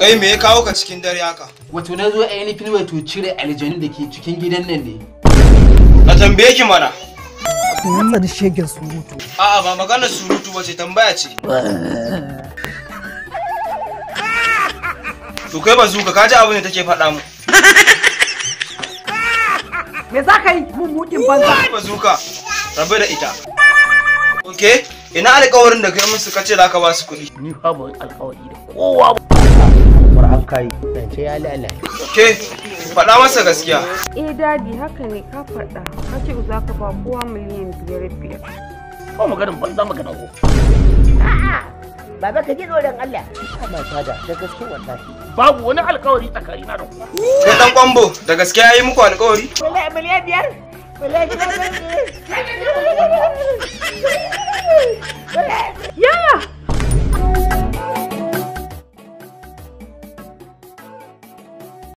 Kai me ya kawo ka cikin dare haka? Wato na zo ainihin wato cire aljanin da ke cikin gidan nan ne. Ka tambaye ki mana. Wannan shegen surutu. A'a ba magana surutu ba ce tambaya ce. To kai ba zuka ka ji abin da take faɗa mu. Me za ka yi mun mutin banza? Ba zuka. Rabe da ita. Okay, ina alƙawarin da kai musu kace za ka ba su kuɗi. Ni fa ba alƙawari da kowa ba. kai zance ya lalace ke faɗa masa gaskiya eh dadi haka ne ka faɗa ka ce za ka ba kowa miliyan biyar biyar ko maganin banza maganin ko a'a Baba ka ji tsoron Allah. Amma tada da gaske wallahi. Babu wani alkawari tsakani na da ku. Kai dan kwambo da gaske yayi muku alkawari? biyar? miliyan biyar.